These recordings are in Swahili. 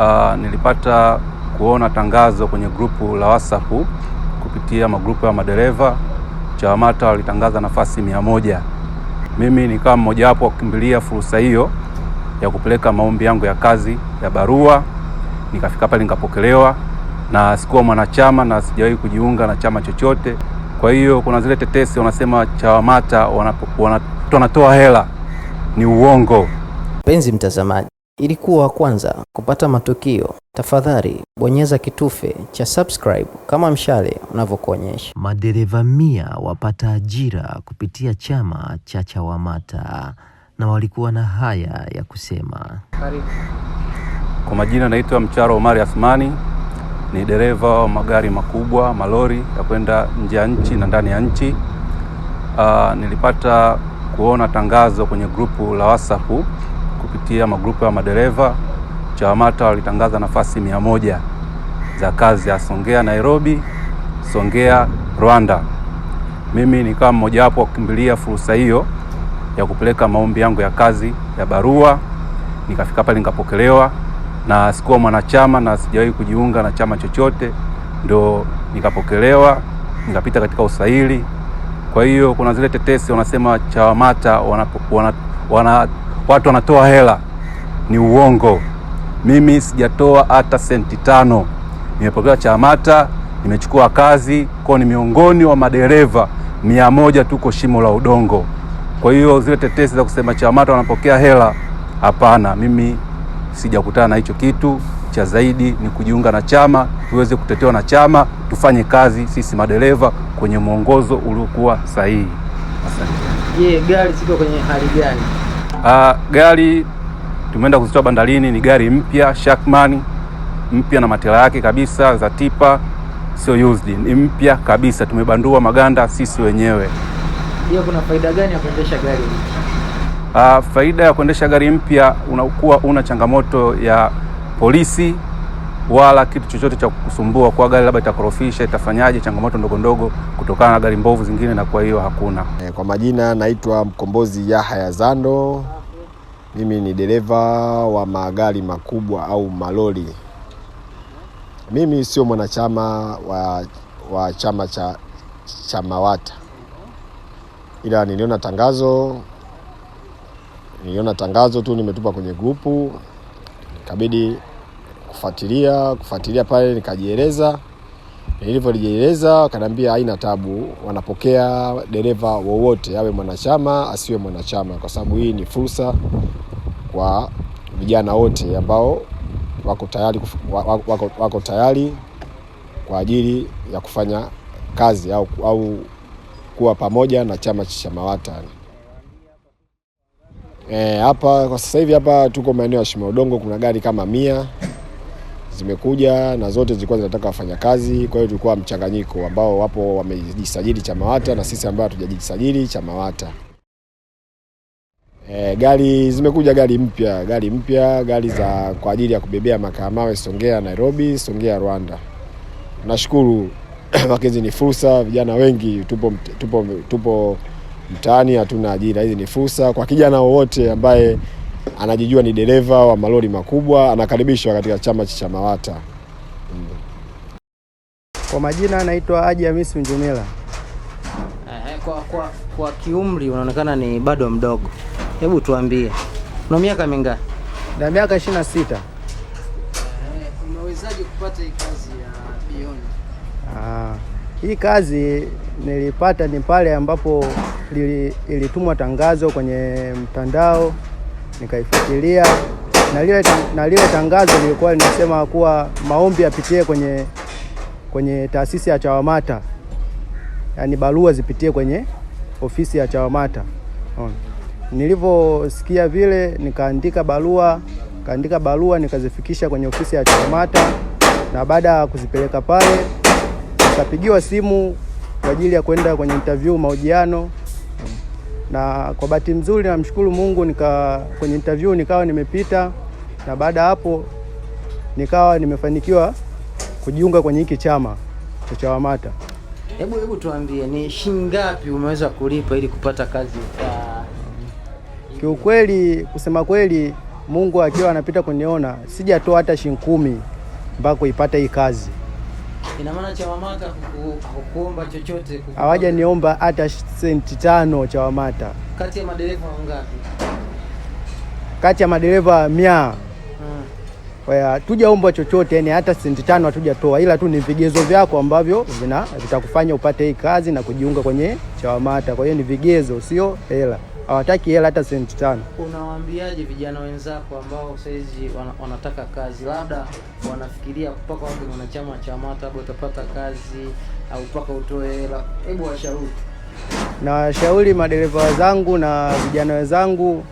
uh, nilipata kuona tangazo kwenye grupu la WhatsApp kupitia magrupu ya madereva, CHAWAMATA walitangaza nafasi mia moja. Mimi nikawa mmojawapo wa kukimbilia fursa hiyo ya kupeleka maombi yangu ya kazi ya barua. Nikafika pale nikapokelewa, na sikuwa mwanachama na sijawahi kujiunga na chama chochote. Kwa hiyo kuna zile tetesi wanasema CHAWAMATA wanatoa hela, ni uongo. Mpenzi mtazamaji, ili kuwa wa kwanza kupata matukio, tafadhali bonyeza kitufe cha subscribe kama mshale unavyokuonyesha. Madereva mia wapata ajira kupitia chama cha CHAWAMATA na walikuwa na haya ya kusema. Kwa majina naitwa Mcharo Omari Athmani, ni dereva wa magari makubwa malori ya kwenda nje ya nchi na ndani ya nchi. Uh, nilipata kuona tangazo kwenye grupu la WhatsApp kupitia magrupu ya madereva CHAWAMATA walitangaza nafasi mia moja za kazi ya Songea Nairobi, Songea Rwanda. Mimi nikawa mmojawapo wakukimbilia fursa hiyo ya kupeleka maombi yangu ya kazi ya barua, nikafika pale nikapokelewa, na sikuwa mwanachama na sijawahi kujiunga na chama chochote, ndo nikapokelewa, nikapita katika usaili. Kwa hiyo kuna zile tetesi wanasema CHAWAMATA wana, wana, wana watu wanatoa hela, ni uongo. Mimi sijatoa hata senti tano, nimepokea chamata nimechukua kazi kwa, ni miongoni wa madereva mia moja, tuko shimo la udongo. Kwa hiyo zile tetesi za kusema chamata wanapokea hela, hapana, mimi sijakutana na hicho kitu cha zaidi ni kujiunga na chama tuweze kutetewa na chama, tufanye kazi sisi madereva kwenye mwongozo uliokuwa sahihi. Asante. Je, gari ziko kwenye hali gani? Uh, gari tumeenda kuzitoa bandarini, ni gari mpya Shakman, mpya na matela yake kabisa za tipa, sio used, ni mpya kabisa, tumebandua maganda sisi wenyewe. Hiyo kuna faida gani ya kuendesha gari Uh, faida ya kuendesha gari mpya unakuwa una changamoto ya polisi wala kitu chochote cha kukusumbua kwa gari labda itakorofisha itafanyaje, changamoto ndogondogo kutokana na gari mbovu zingine, na kwa hiyo hakuna. Eh, kwa majina naitwa Mkombozi Yahya Zando, mimi ni dereva wa magari makubwa au malori. Mimi sio mwanachama wa, wa chama cha mawata ila niliona tangazo niliona tangazo tu nimetupa kwenye grupu, kabidi kufuatilia kufuatilia pale, nikajieleza. Nilivyojieleza akanambia haina tabu, wanapokea dereva wowote, awe mwanachama asiwe mwanachama, kwa sababu hii ni fursa kwa vijana wote ambao wako tayari, wako, wako, tayari kwa ajili ya kufanya kazi au, au kuwa pamoja na chama cha MAWATA. E, eh, hapa kwa sasa hivi hapa tuko maeneo ya Shimo Udongo, kuna gari kama mia zimekuja na zote zilikuwa zinataka wafanyakazi. Kwa hiyo tulikuwa mchanganyiko ambao wapo wamejisajili chamawata na sisi ambao hatujajisajili CHAWAMATA. E, eh, gari zimekuja gari mpya gari mpya gari za kwa ajili ya kubebea makaa mawe Songea Nairobi, Songea Rwanda. Nashukuru wakezi ni fursa, vijana wengi tupo, tupo, tupo mtaani hatuna ajira. Hizi ni fursa kwa kijana wowote ambaye anajijua ni dereva wa malori makubwa, anakaribishwa katika chama cha Chamawata. Kwa majina anaitwa Haji Hamisi Mjumila. Kwa, kwa, kwa kiumri unaonekana ni bado mdogo, hebu tuambie una miaka mingapi? Na miaka 26. Unawezaje kupata hii kazi ya bioni? Ah, hii kazi nilipata ni pale ambapo ilitumwa tangazo kwenye mtandao nikaifuatilia na lile, na lile tangazo lilikuwa linasema kuwa maombi yapitie kwenye kwenye taasisi ya CHAWAMATA, yaani barua zipitie kwenye ofisi ya CHAWAMATA. Nilivyosikia vile nikaandika barua, kaandika barua nikazifikisha kwenye ofisi ya CHAWAMATA, na baada ya kuzipeleka pale nikapigiwa simu kwa ajili ya kwenda kwenye interview mahojiano na kwa bahati nzuri namshukuru Mungu nika, kwenye interview nikawa nimepita, na baada ya hapo nikawa nimefanikiwa kujiunga kwenye hiki chama cha wamata Hebu hebu tuambie ni shingapi umeweza kulipa ili kupata kazi ya kiukweli? Kusema kweli, Mungu akiwa anapita kuniona, sijatoa hata shilingi kumi mpaka ipata hii kazi. Ina maana Chawamata hakuomba chochote? Hawaja niomba hata senti tano Chawamata. Kati ya madereva wangapi? Kati ya madereva mia hmm. tujaomba chochote, yani hata senti tano hatujatoa, ila tu ni vigezo vyako ambavyo vina vitakufanya upate hii kazi na kujiunga kwenye Chawamata. Kwa hiyo ni vigezo, sio hela hawataki hela hata senti tano. Unawaambiaje vijana wenzako ambao saizi wanataka kazi, labda wanafikiria mpaka wapo mwanachama cha Hamata utapata kazi au mpaka utoe hela? Hebu washauri. Na washauri madereva wenzangu na vijana wenzangu,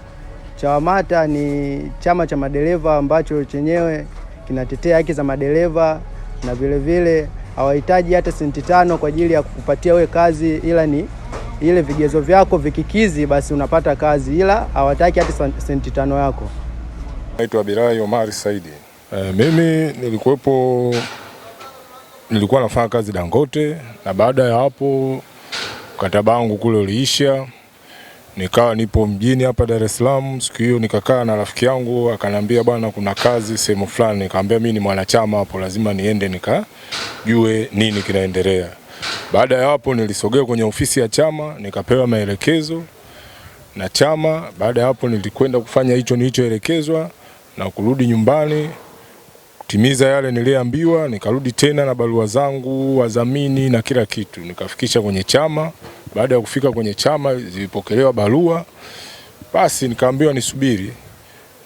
CHAWAMATA ni chama cha madereva ambacho chenyewe kinatetea haki za madereva na vilevile hawahitaji hata senti tano kwa ajili ya kukupatia we kazi, ila ni ile vigezo vyako vikikizi, basi unapata kazi, ila hawataki hata senti tano yako. Naitwa Bilali Omari Saidi. E, mimi nilikuwepo, nilikuwa nafanya kazi Dangote, na baada ya hapo mkataba wangu kule uliisha, nikawa nipo mjini hapa Dar es Salaam. Siku hiyo nikakaa na rafiki yangu akanambia, bwana, kuna kazi sehemu fulani. Nikamwambia mimi ni mwanachama hapo, lazima niende nikajue nini kinaendelea. Baada ya hapo nilisogea kwenye ofisi ya chama nikapewa maelekezo na chama. Baada ya hapo nilikwenda kufanya hicho nilichoelekezwa na kurudi nyumbani kutimiza yale niliambiwa. Nikarudi tena na barua zangu, wadhamini na kila kitu nikafikisha kwenye chama. Baada ya kufika kwenye chama zilipokelewa barua, basi nikaambiwa nisubiri.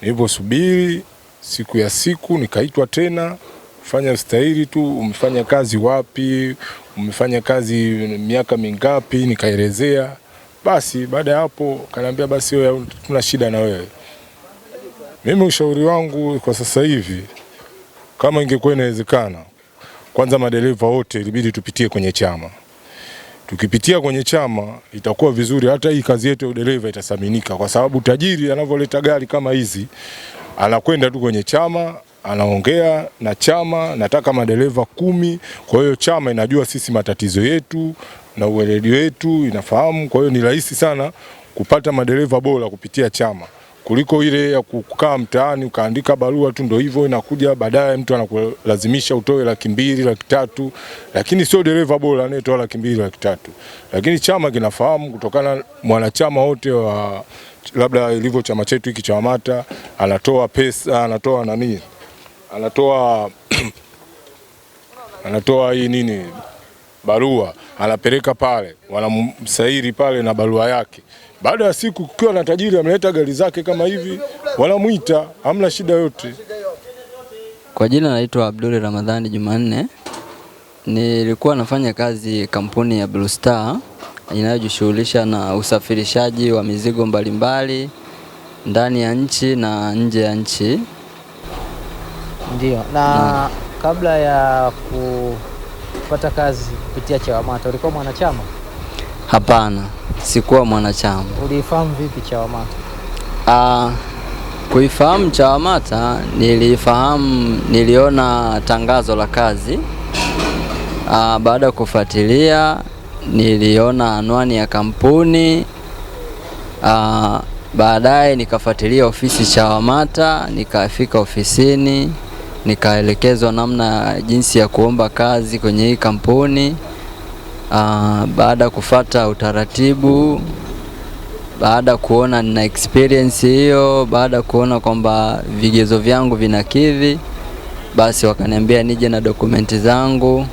Niliposubiri siku ya siku nikaitwa tena kufanya stahili tu, umefanya kazi wapi? umefanya kazi miaka mingapi? Nikaelezea. Basi baada ya hapo kaniambia, basi wewe tuna shida na wewe. Mimi ushauri wangu kwa sasa hivi, kama ingekuwa inawezekana, kwanza madereva wote ilibidi tupitie kwenye chama. Tukipitia kwenye chama itakuwa vizuri, hata hii kazi yetu ya udereva itasaminika, kwa sababu tajiri anavyoleta gari kama hizi anakwenda tu kwenye chama anaongea na chama, nataka madereva kumi. Kwa hiyo chama inajua sisi matatizo yetu na ueledi wetu inafahamu. Kwa hiyo ni rahisi sana kupata madereva bora kupitia chama kuliko ile ya kukaa mtaani ukaandika barua tu, ndio hivyo inakuja baadaye, mtu anakulazimisha utoe laki mbili laki tatu lakini sio dereva bora anayetoa laki mbili laki tatu Lakini chama kinafahamu kutokana mwanachama wote wa labda ilivyo chama chetu hiki cha Wamata anatoa pesa, anatoa nani anatoa anatoa hii nini barua anapeleka pale, wanamsairi pale na barua yake. Baada ya siku, kukiwa na tajiri ameleta gari zake kama hivi, wanamwita, hamna shida yote. Kwa jina naitwa Abdul Ramadhani Jumanne, nilikuwa nafanya kazi kampuni ya Blue Star inayojishughulisha na usafirishaji wa mizigo mbalimbali ndani ya nchi na nje ya nchi. Ndio. Na kabla ya kupata kazi kupitia CHAWAMATA ulikuwa mwanachama? Hapana, sikuwa mwanachama. Uliifahamu vipi CHAWAMATA? Ah, kuifahamu CHAWAMATA nilifahamu, niliona tangazo la kazi. Ah, baada ya kufuatilia niliona anwani ya kampuni ah, baadaye nikafuatilia ofisi CHAWAMATA nikafika ofisini nikaelekezwa namna jinsi ya kuomba kazi kwenye hii kampuni. Ah, baada ya kufata utaratibu, baada ya kuona nina experience hiyo, baada ya kuona kwamba vigezo vyangu vinakidhi, basi wakaniambia nije na dokumenti zangu.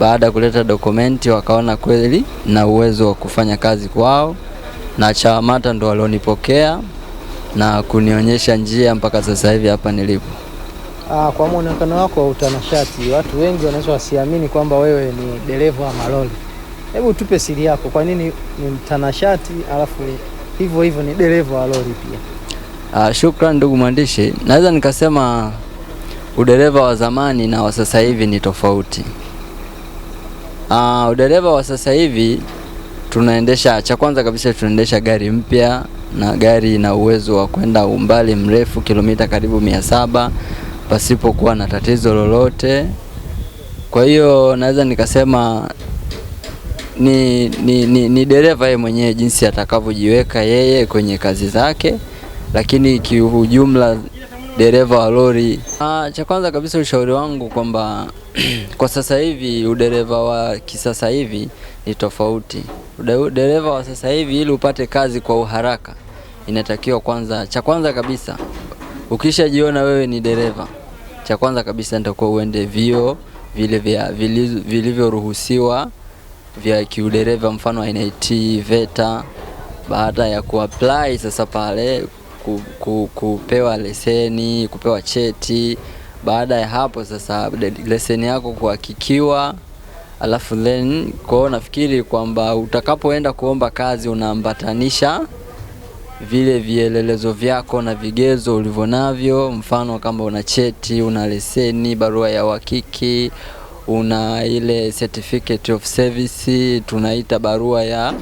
Baada ya kuleta dokumenti, wakaona kweli na uwezo wa kufanya kazi kwao, na CHAWAMATA ndo walionipokea na kunionyesha njia mpaka sasa hivi hapa nilipo. Aa, ah, kwa mwonekano wako wa utanashati watu wengi wanaweza wasiamini kwamba wewe ni dereva wa malori. Hebu tupe siri yako, kwa nini ni mtanashati alafu hivyo hivyo ni dereva wa lori pia? Uh, shukran ndugu mwandishi, naweza nikasema udereva wa zamani na wa sasa hivi ni tofauti. Uh, udereva wa sasa hivi tunaendesha, cha kwanza kabisa tunaendesha gari mpya na gari na uwezo wa kwenda umbali mrefu kilomita karibu mia saba pasipokuwa na tatizo lolote. Kwa hiyo naweza nikasema ni, ni, ni, ni dereva yeye mwenyewe jinsi atakavyojiweka yeye kwenye kazi zake, lakini kiujumla dereva wa lori. Ah, cha kwanza kabisa ushauri wangu kwamba kwa sasa hivi udereva wa kisasa hivi ni tofauti. dereva wa sasa hivi ili upate kazi kwa uharaka inatakiwa kwanza, cha kwanza kabisa ukishajiona wewe ni dereva cha kwanza kabisa nitakuwa uende vio vile vya vilivyoruhusiwa vya kiudereva, mfano NIT, VETA. Baada ya kuapply sasa pale ku, ku, kupewa leseni, kupewa cheti. Baada ya hapo sasa leseni yako kuhakikiwa, alafu then kwao, nafikiri kwamba utakapoenda kuomba kazi unaambatanisha vile vielelezo vyako na vigezo ulivyo navyo, mfano kama una cheti, una leseni, barua ya uhakiki, una ile certificate of service, tunaita barua ya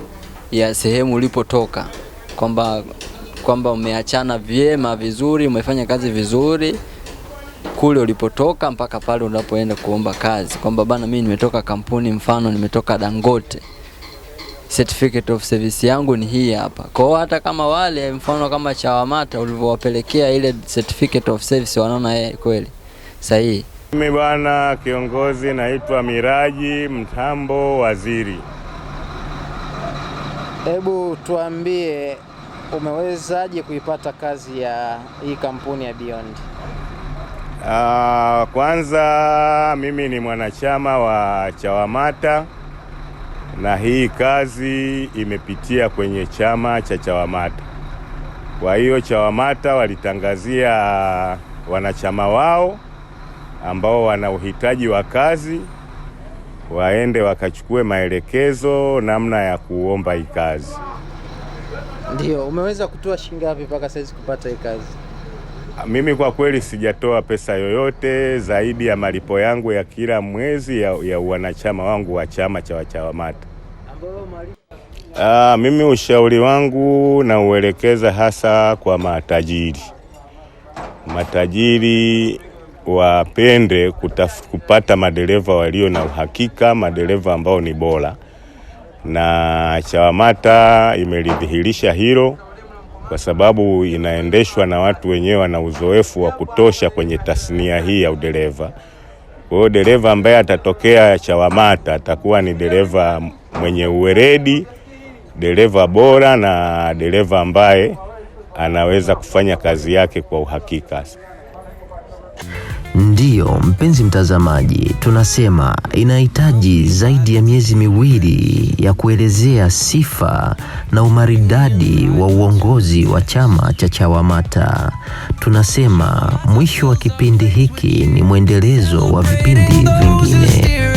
ya sehemu ulipotoka, kwamba kwamba umeachana vyema vizuri, umefanya kazi vizuri kule ulipotoka mpaka pale unapoenda kuomba kazi, kwamba bana, mimi nimetoka kampuni, mfano nimetoka Dangote certificate of service yangu ni hii hapa. Kwa hiyo hata kama wale mfano kama CHAWAMATA ulivyowapelekea ile certificate of service, wanaona yeye kweli sahihi. Mimi bwana kiongozi, naitwa Miraji Mtambo Waziri. Hebu tuambie umewezaje kuipata kazi ya hii kampuni ya Beyond? Uh, kwanza mimi ni mwanachama wa CHAWAMATA na hii kazi imepitia kwenye chama cha CHAWAMATA. Kwa hiyo CHAWAMATA walitangazia uh, wanachama wao ambao wana uhitaji wa kazi waende wakachukue maelekezo namna ya kuomba hii kazi. Ndio, umeweza kutoa shilingi ngapi mpaka saizi kupata hii kazi? Mimi kwa kweli sijatoa pesa yoyote zaidi ya malipo yangu ya kila mwezi ya, ya wanachama wangu wa chama cha Wachawamata. Aa, ah, mimi ushauri wangu nauelekeza hasa kwa matajiri. Matajiri wapende kutaf, kupata madereva walio na uhakika, madereva ambao ni bora, na Chawamata imelidhihirisha hilo kwa sababu inaendeshwa na watu wenyewe wana uzoefu wa kutosha kwenye tasnia hii ya udereva. Kwa hiyo dereva ambaye atatokea CHAWAMATA atakuwa ni dereva mwenye uweredi, dereva bora na dereva ambaye anaweza kufanya kazi yake kwa uhakika. Ndiyo mpenzi mtazamaji, tunasema inahitaji zaidi ya miezi miwili ya kuelezea sifa na umaridadi wa uongozi wa chama cha CHAWAMATA. Tunasema mwisho wa kipindi hiki ni mwendelezo wa vipindi vingine.